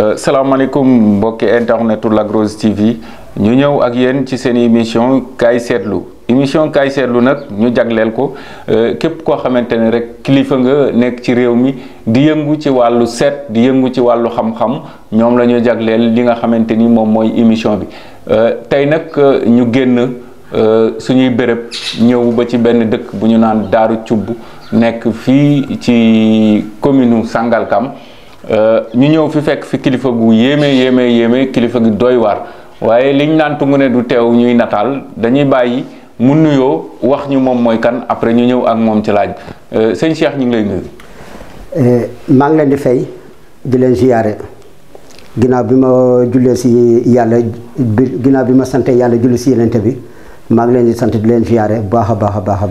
Euh, salaamaaleykum mbokki internetu Lac Rose TV ñu ñëw ak yéen ci seen émission kaay seetlu émission kay seetlu nag ñu jagleel ko euh, képp koo xamante ne rek kilifa nga nekk ci réew mi di yëngu ci wàllu seet di yëngu ci wàllu xam-xam ñoom la ñu jagleel li nga xamante ni moom mooy émission bi euh, tey nag ñu génn suñuy béréb ñëw ba ci benn dëkk bu ñu naan Daaru Cubb nekk fii ci commune Sangalkam Euh, ñu ñëw fi fekk fi kilifa gu yéeme yéeme yéeme kilifa gi doy waar waaye liñ naan tungu ne du teew ñuy nataal dañuy bàyyi mu nuyoo wax ñu moom mooy kan après ñu ñëw ak moom ci laaj euh, sëñ Cheikh ñu ngi lay nuyu. Euh, ngi leen di fay di leen ziyaare bi ma jullee si yàlla bi bi ma sante yàlla julli si yenente bi maa ngi leen di sant di leen ziyaare baax a baax a baax a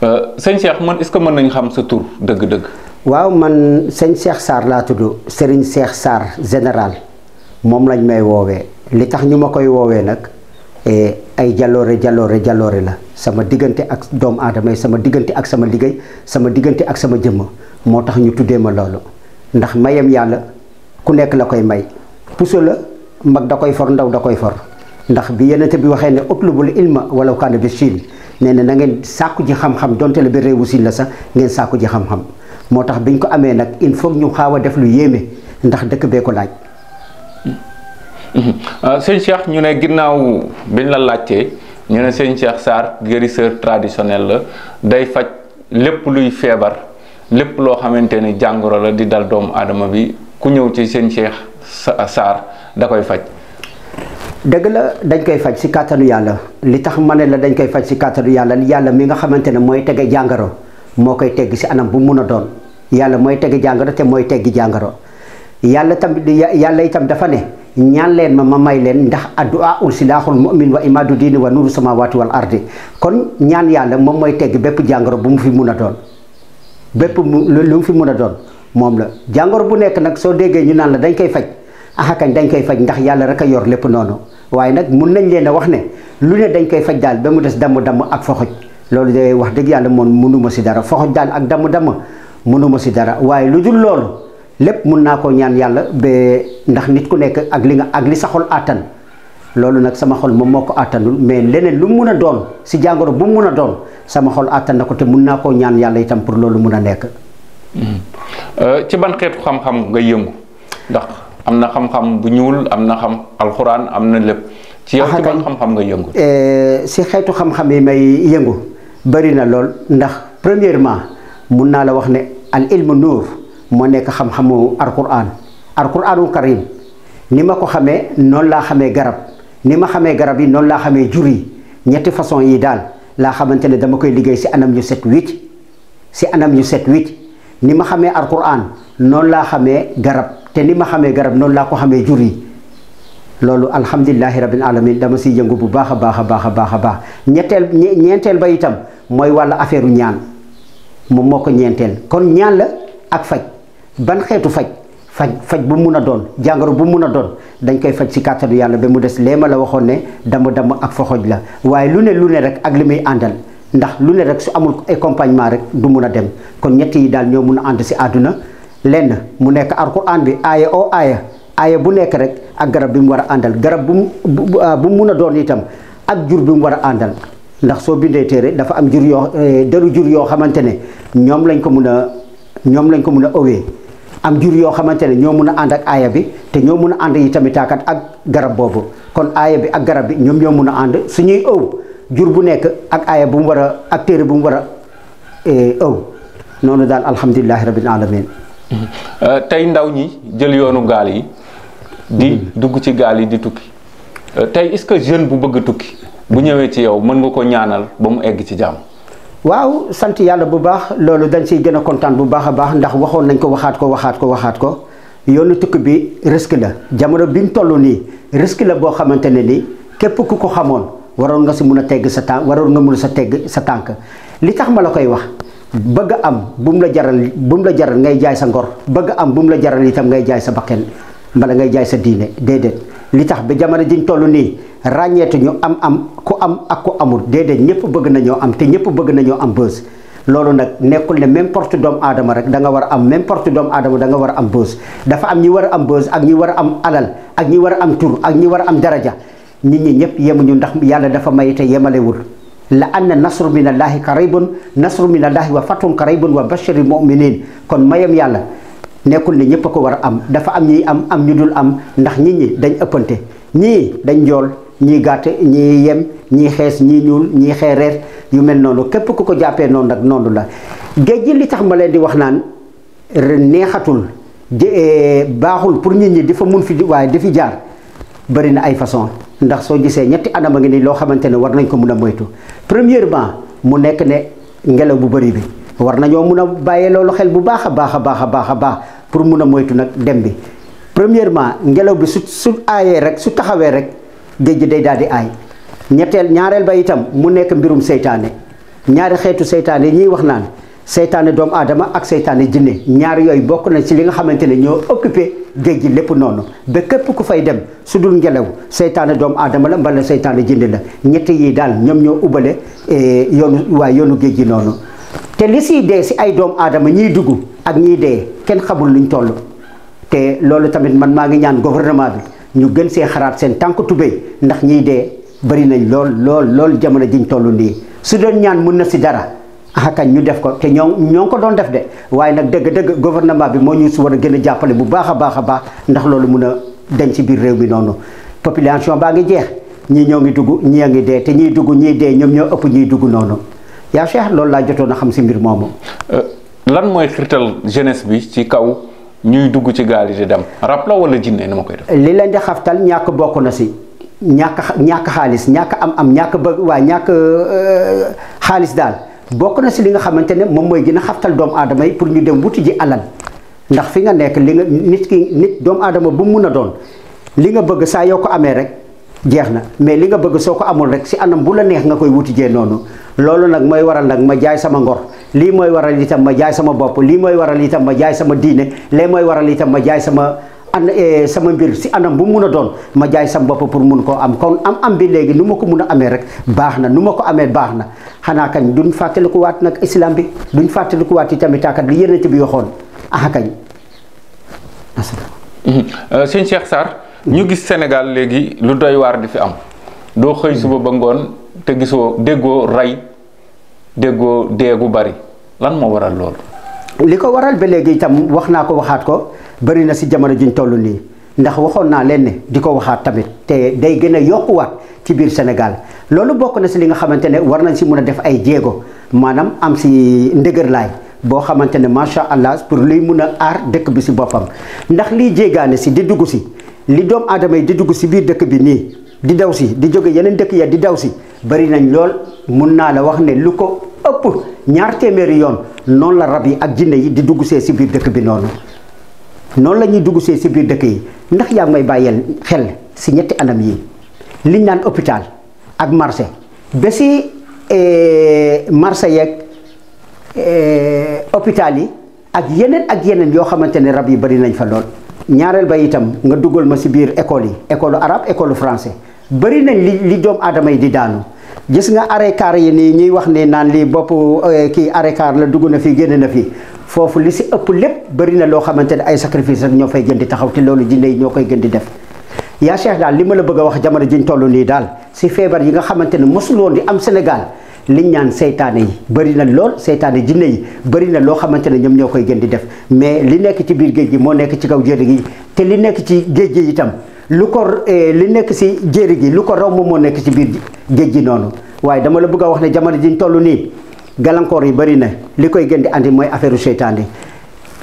baax. sëñ man est-ce que mën nañ xam sa tur dëgg-dëgg. waaw man sëñ Cheikh sar la tuddu Serigne Cheikh sar general mom lañ may wowe li tax ñuma koy wowe nak jalore eh, ay jallore jallore jallore la sama digënté ak dom adamay sama digënté ak sama digai, sama digënté ak sama jëm mo tax ñu tuddé ma lolu ndax mayam yalla ku nekk la koy may pousse la mag da koy for ndaw da koy for ndax bi yenente bi waxé né utlubul ilma walaw kana bishil Chine nee na ngeen sàkku ji xam-xam donte le bi rewusi la sax ngeen ji xam-xam moo tax biñ ko amee nag il faut ñu xaaw a def lu yéeme ndax dëkk bee ko laaj. Euh, sëñ Cheikh ñu ne ginnaaw biñ la laajtee ñu ne sëñ Cheikh Sarr guérisseur traditionnel la day faj lépp luy feebar lépp loo xamante ni jàngoro la di dal doomu aadama bi ku ñëw ci seen Cheikh Sarr da koy faj. dëgg la dañ koy faj si kàttanu yàlla li tax ma ne la dañ koy faj si kàttanu yàlla yàlla mi nga xamante ne mooy tege jàngoro. moo koy tegg si anam bu mun a doon yàlla mooy tegg jàngaro te mooy teggi jàngaro yàlla tamit yàlla itam dafa ne ñaan leen ma ma may leen ndax addu'a ul silaaxul mu wa imaadu diini wa nuuru samawaati wal ardi kon ñaan yàlla moom mooy tegg bépp jàngoro bu mu fi mun a doon bépp mu lu mu fi mun a doon moom la jàngoro bu nekk nag soo déggee ñu naan la dañ koy faj axakañ dañ koy faj ndax yàlla rek a yor lépp noonu waaye nag mun nañ leen a wax ne lu ne dañ koy faj daal ba mu des damm damm ak foxoj loolu de wax dëgg yàlla moom mënuma si dara foxoj daal ak dama dama mënuma si dara waaye lu dul loolu lépp mun naa koo ñaan yàlla ba ndax nit ku nekk ak li nga ak li sa xol àttan loolu nag sama xol moom moo ko àttanul mais leneen lu mu mun a doon si jàngoro bu mu mun a doon sama xol àttan na ko te mun naa koo ñaan yàlla itam pour loolu mun a nekk. Hmm. Euh, ci ban xeetu xam-xam nga yëngu ndax am na xam-xam bu ñuul am na xam alxuraan am na lépp. ci yow ci ban xam nga yëngu. Euh, xeetu xam-xam yi yëngu. bari na lool ndax premièrement mun naa la wax ne al ilmu nuur moo nekk xam-xamu alquran alquranul karim ni ma ko xamee noonu laa xamee garab ni ma xamee garab yi noonu laa xamee jur yi ñetti façon yi daal laa xamante ne dama koy liggéey si anam ñu set wicc si anam ñu set wicc ni ma xamee alquran noonu laa xamee garab te ni ma xamee garab noonu laa ko xamee jur yi loolu alhamdulilahi rabbil alamin dama siy yëngu bu baax a baax a baax a baax a baax ñetteel ñeenteel ba itam mooy wàllu affaire ñaan moom moo ko ñeenteel kon ñaan la ak faj ban xeetu faj faj faj bu mun a doon jàngoro bu mun a doon dañ koy faj ci kàttanu yàlla ba mu des lee ma la waxoon ne damm damm ak foxoj la waaye lu ne lu ne rek ak li muy àndal ndax lu ne rek su amul accompagnement rek du mun a dem kon ñett yi daal ñoo mun a ànd si àdduna lenn aaya bu nekk rek ak garab bi mu war a àndal garab bu mu ah, bu mu mun a doon itam ak jur bi mu war a àndal ndax soo bindee téere dafa am jur yoo eh, deru jur yoo xamante ne ñoom lañ ko mun a ñoom lañ ko mun a owee am jur yoo xamante ne ñoo mun a ànd ak aaya bi te ñoo mun a ànd yi tamit taakat ak garab boobu kon aaya bi ak garab bi ñoom ñoo mun a ànd suñuy ëw jur bu nekk ak aaya bu mu war a ak téere bu mu war a ëw eh, noonu daal alhamdulilahi rabbil alamin euh, tey ndaw ñi jël yoonu gaal yi di dugg ci gaal yi di tukki zion euh, est-ce que jeune bu bëgg tukki bu ñëwé ci yow mën nga ko ñaanal ba mu egg ci jamm waaw sant yalla bu baax lolu dañ ci gëna a bu baaxa baax ndax waxon nañ ko waxaat ko waxaat ko waxaat ko yoonu tukk bi risque la jamono bi mu toll risque la bo xamantene ni képp ku ko xamoon waroon nga si mëna tégg sa tank waroon nga mëna sa tégg sa tank li tax ma la koy wax bëgg am bu mu la jaral bu mu la jaral ngay jaay sa ngor bëgg am bu mu la jaral itam ngay jaay sa mbala ngay jaay sa diine déedéet li tax ba jamono jiñ toll nii ñu am am ku am ak ku amul déedéet ñëpp bëgg nañoo am te ñëpp bëgg nañoo am bës loolu nag nekkul ne n'importe doomu aadama rek da nga war a am n'importe doomu aadama da nga war a am bës dafa am ñi war a am bës ak ñi war a am alal ak ñi war a am tur ak ñi war a am daraja nit ñi ñëpp yemuñu ndax yàlla dafa may te yemalewul la anna nasru minallahi qaribun nasru minallahi wa fatun qaribun wa bashiril kon mayam yàlla nekkul ne ñëpp a ko war a am dafa am ñiy am am ñu dul am ndax ñi ñi dañ ëppante ñii dañ jool ñii gàtt ñii yem ñii xees ñii ñuul ñii xeereer yu mel noonu képp ku ko jàppee noonu nag noonu la géej gi li tax ma leen di wax naan neexatul eh, baaxul pour nit ñi di fa mun fi waaye di fi jaar bari na ay façon ndax soo gisee ñetti anam a ngi nii loo xamante ne war nañ ko mën a moytu premièrement mu nekk ne ngelaw bu bëri bi war nañoo mun a bàyyee loolu xel bu baax a baax a baax a baax a baax pour mun a moytu nag dem bi premièrement ngelaw bi su su aayee rek su taxawee rek géej gi day daal di aay ñetteel ñaareel ba itam mu nekk mbirum seytaane ñaari xeetu seytaane yi ñuy wax naan seytaane doomu aadama ak seytaane jinne ñaar yooyu bokk nañ ci li nga xamante ne ñoo occupé géej gi lépp noonu ba ku fay dem su dul ngelaw seytaane doomu aadama la mbala seytaane jinne la ñett yi daal ñoom ñoo ubale eh, yoonu waaye yoonu géej gi noonu te li siy dé ci ay doom adam ñi dugg ak ñi dé kèn xamul luñ tollu te loolu tamit man ma ngi ñaan gouvernement bi ñu gën sé xaraat sen tank tubé ndax ñi dé bari nañ lool lool lool jamono jiñ tollu ni su doon ñaan mëna ci dara akañ ñu def ko te ñoo ñoo ko doon def de waye nak dëgg-dëgg gouvernement bi mo ñu su wara gën bu baaxa baaxa baax ndax loolu mëna dañ ci biir réew mi nonu population ba nga jéx ñi ñoo ngi dugg ñi a dé té ñi ñiy dugg ñiy dee ñoom ñoo ëpp ñi dugg nonu yaa Cheikh loolu laa jotoon a xam si mbir moom euh, lan mooy xirtal jeunesse bi ci kaw ñuy dugg ci gaal yi dem rab la wala jinne ni ma koy def. li leen di xaftal ñàkk bokk na si ñàkk ñàkk xaalis ñàkk am-am ñàkk bëgg waa ñàkk euh, xaalis daal bokk na si li nga xamante ne moom mooy gën a xaftal doomu aadama yi pour ñu dem wuti ji alal ndax fi nga nekk li nga nit ki nit doomu aadama bu mu mun a doon li nga bëgg saa yoo ko amee rek. jeex na mais li nga bëgg soo ko amul rek si anam bu la neex nga koy wuti jee noonu loolu nag mooy waral nag ma jaay sama ngor lii mooy waral itam ma jaay sama bopp lii mooy waral itam ma jaay sama diine lee mooy waral itam ma jaay sama an eh, sama mbir si anam bu mun a doon ma jaay sama bopp pour mun koo am kon am am bi léegi nu ma ko mun a amee rek baax na nu ma ko amee baax na xanaa kañ duñ fàttaliku waat nag islam bi duñ fàttaliku waat itamit taakat li yonent bi waxoon ah kañ. sëñ Cheikh Sarr. ñu gis Sénégal léegi lu doy waar di fi am doo xëy suba ba ngoon te gisoo déggoo rey déggoo dee gu bari lan moo waral loolu. li ko waral ba léegi itam wax naa ko waxaat ko bari na si jamono juñ toll nii ndax waxoon naa leen ne di ko waxaat tamit te day gën a yokkuwaat ci biir Sénégal loolu bokk na si li nga xamante ne war nañ si mun a def ay jéego maanaam am si ndëgërlaay boo xamante ne macha allah pour luy mun a aar dëkk bi si boppam ndax liy jéegaane si di dugg si. li doom adama yi di dugg si biir dëkk bi nii di daw si di jóge yeneen dëkk ya di daw si bari nañ lool mun naa la wax ne lu ko ëpp ñaar téeméeri yoon noonu la rab yi ak jinne yi di dugg see si biir dëkk bi noonu noonu la ñuy dugg see si biir dëkk yi ndax yaa ngi may bàyyeel xel si ñetti anam yi liñ naan hôpital ak marché ba si eh, marché yeeg eh, hôpital yi ak yeneen ak yeneen yoo xamante ne rab yi bari nañ fa lool. ñaarel ba itam nga duggal ma ci biir école yi école arabe école français bari nañ li li doom adamay di daanu gis nga arrêt car yi ni ñi wax ne naan lii bopp euh, ki arrêt car la dugg na fi génn na fi fofu li ci ëpp lepp bari na lo xamantene ay sacrifice rek ñofay gën di taxaw te lolu jinde ñokay gën di def Ya Cheikh dal li ma la bëgg wax jamono jiñ tollu ni dal si fièvre yi nga xamantene di am Senegal. liñ ñaan seytaane yi bëri na lool seytaane jinne yi bëri na loo xamante ne ñoom ñoo koy gën di def mais li nekk ci biir géej gi moo nekk ci kaw jéeri gi te li nekk ci géej gi itam lu ko eh, li nekk si jéeri gi lu ko raw moo nekk ci biir géej gi noonu waaye dama la bëgg a wax ne jamono jiñ toll nii gàllankoor yi bëri na li koy gën di andi mooy affaire u seytaane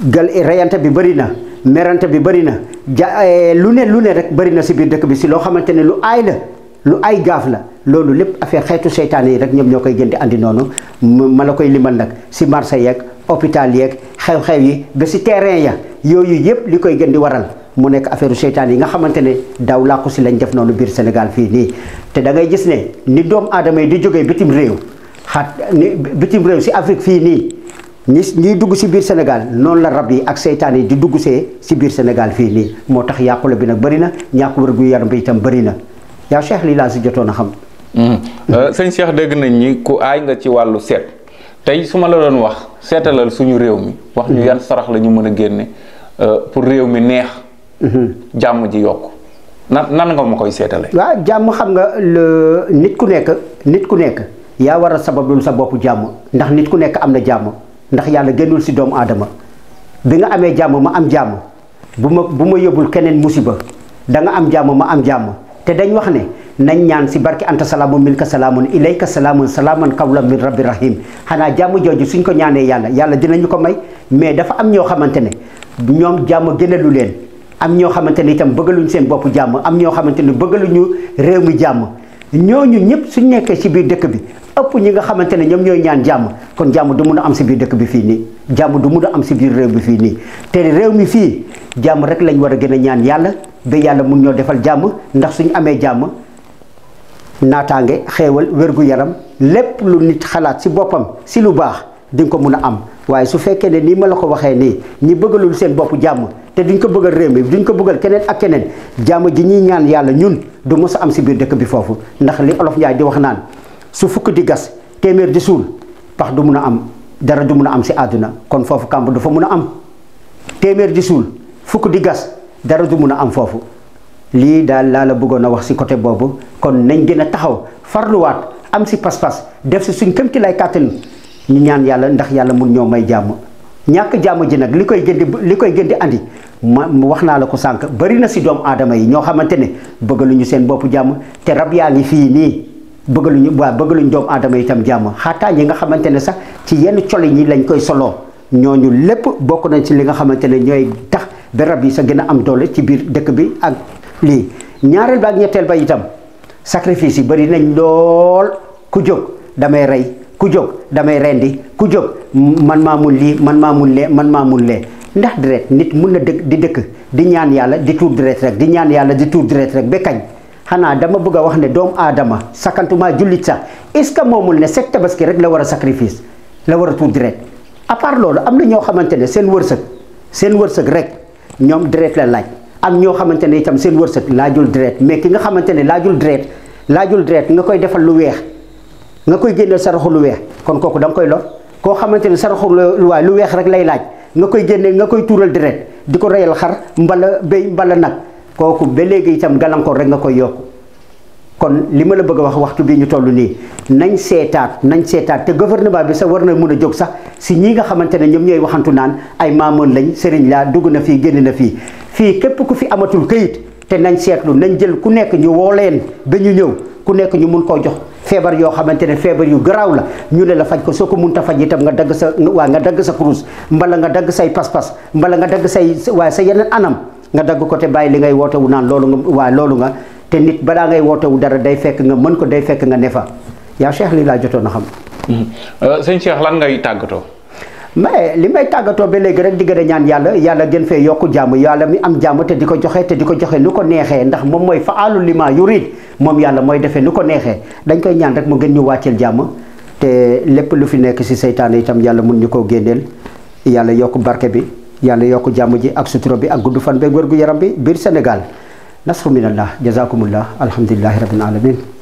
gal eh, reyante bi bëri na merante bi bëri na ja eh, lu ne lu ne rek bëri na si biir dëkk bi si loo xamante ne lu aay la lu ay gaaf la loolu lip affaire xeytu setan yi rek ñom ñokay jënd andi nonu ma la koy limal nak si marché yeeg hôpital yeeg xew-xew yi ba ci terrain ya yoyu yep likoy gënd waral mu nek affaire setan yi nga xamantene ne la ko ci lañ def nonu bir Sénégal fi ni te da ngay gis ne ni doom aadama di joggé bitim réew xat bitim réew si Afrique fi ni ni ni dugg si bir Sénégal non la rabbi ak setan yi di dugg see si bir Sénégal fi ni motax tax bi nak bari na ñàkk wér yaram itam bari na ya Cheikh lila ci si xam Hmm. Euh, sëñ Cheikh dégg nañ ni ku ay nga ci walu set tay wah la doon wax setalal suñu rew mi wax ñu hmm. yan sarax lañu mëna mën euh pour rew mi neex jamm ji yok nan nga ma setalé wa jamm xam nga le nit ku nekk nit ku nekk ya wara sababul sa bop jamm ndax nit ku nekk am jamm ndax yalla génnul ci doom adama bi nga amé jamm ma am jamm buma buma yobul keneen musiba da nga am jamm ma am jamm te dañ wax ne nañ ñaan si barki anta salaamun minka salaamun ilayka salaamun salaaman qawlan min rabbi rahim xanaa jàmm jooju suñ ko ñaanee yàlla yàlla dinañu ko may mais dafa am ñoo xamante ne ñoom jàmm gënalu leen am ñoo xamante ne itam bëggaluñ seen bopp jàmm am ñoo xamante ne bëggaluñu réew mi jàmm ñooñu ñëpp suñ nekkee si biir dëkk bi ëpp ñi xamante ne ñoom ñooy ñaan jàmm kon jàmm du mun a am si biir dëkk bi fii nii jàmm du mun a am si biir réew mi fii nii te réew mi fii jàmm rek lañ war a gën a ñaan yàlla ba yàlla mun ñoo defal jàmm ndax suñu amee jàmm naataange xéewal wér yaram lépp lu nit xalaat si boppam si lu baax di nga ko mun a am waaye su fekkee ne nii ma la ko waxee nii ñi bëggalul seen bopp jàmm te duñ ko bëggal réew mi duñ ko bëggal keneen ak keneen jàmm ji ñuy ñaan yàlla ñun du mos a am si biir dëkk bi foofu ndax li olof Njaay di wax naan su fukk di gas téeméer di suul pax du mun a am dara du mun a am si àdduna kon foofu kàmb dafa mun a am téeméer di suul fukk di gas dara du mun a am foofu lii daal laa la bëggoon a wax ci côté boobu kon nañ gën a taxaw farluwaat am si pas-pas def si suñ këmti lay kàttan ñu ñaan yàlla ndax yàlla mun ñoo may jàmm ñàkk jàmm ji nag li koy gën di li koy gën di andi ma wax naa la ko sànq bari na ci doomu aadama yi ñoo xamante ne bëggaluñu seen boppu jàmm te rab yaa ngi fii nii bëgg bëggaluñu waa bëggaluñu doomu aadama yi tam jàmm xaataa ñi nga xamante ne sax ci yenn coli ñi lañ koy soloo ñooñu lépp ci li nga xamante ne ba rab yi sa gën a am doole ci biir dëkk bi ak lii ñaareel ba ak ñetteel ba itam sacrifice yi bari nañ lool ku jóg damay rey ku jóg damay rendi ku jóg man maa mun lii man maa mun lee man maa mun lee ndax deret nit mun na dëkk di dëkk di ñaan yàlla di tuur deret rek di ñaan yàlla di tuur deret rek ba kañ xanaa dama bëgg a wax ne doomu aadama sakkantuma jullit sax est ce que moomul ne set tabaski rek la war a sacrifice la war a tuur deret à loolu am na ñoo xamante ne seen wërsëg seen wërsëg rek ñoom deret la laaj am ñoo xamante ne itam seen wërsëg laajul deret mais ki nga xamante ne laajul deret laajul deret nga koy defal lu weex nga koy génneel saraxu lu weex kon kooku da nga koy lor koo xamante ne saraxu lu waay lu weex rek lay laaj nga koy génne nga koy tuural deret di ko reyal xar mbala béy mbala nag kooku ba léegi itam gàllankoor rek nga koy yokku kon li ma la bëgg a wax waxtu bi ñu toll nii nañ seetaat nañ seetaat te gouvernement bi sa war na mën a jóg sax si ñi nga xamante ne ñoom ñooy waxantu naan ay maamoon lañ sëriñ laa dugg na fii génn na fii fii képp ku fi amatul këyit te nañ seetlu nañ jël ku nekk ñu woo leen ba ñu ñëw ku nekk ñu mun koo jox feebar yoo xamante ne feebar yu garaaw la ñu ne la faj ko soo ko mun ta faj tam nga dagg sa waa nga dagg sa kurus mbala nga dagg say pas-pas mbala nga dagg say waa sa yeneen anam nga dagg ko te bàyyi li ngay woote wu naan waa loolu nga te nit balaa ngay wootewu dara day fekk nga mën ko day fekk nga ne fa yaa Cheikh lii laa jotoon a xam. Mm-hmm. Euh, sëñ Cheikh lan ngay tàggatoo. mais li may tàggatoo ba léegi rek di gën a ñaan yàlla yàlla gën fee yokku jàmm yàlla mi am jàmm te di ko joxe te di ko joxe nu ko neexee ndax moom mooy faalu lima yurid moom yàlla mooy defee nu ko neexee dañ koy ñaan rek mu gën ñu wàcceel jàmm te lépp lu fi nekk si seytaane itam yàlla mun ñu koo génneel yàlla yokk barke bi yàlla yokk jàmm ji ak sutura bi ak gudd fan beeg gu yaram bi biir Sénégal. نصر من الله جزاكم الله الحمد لله رب العالمين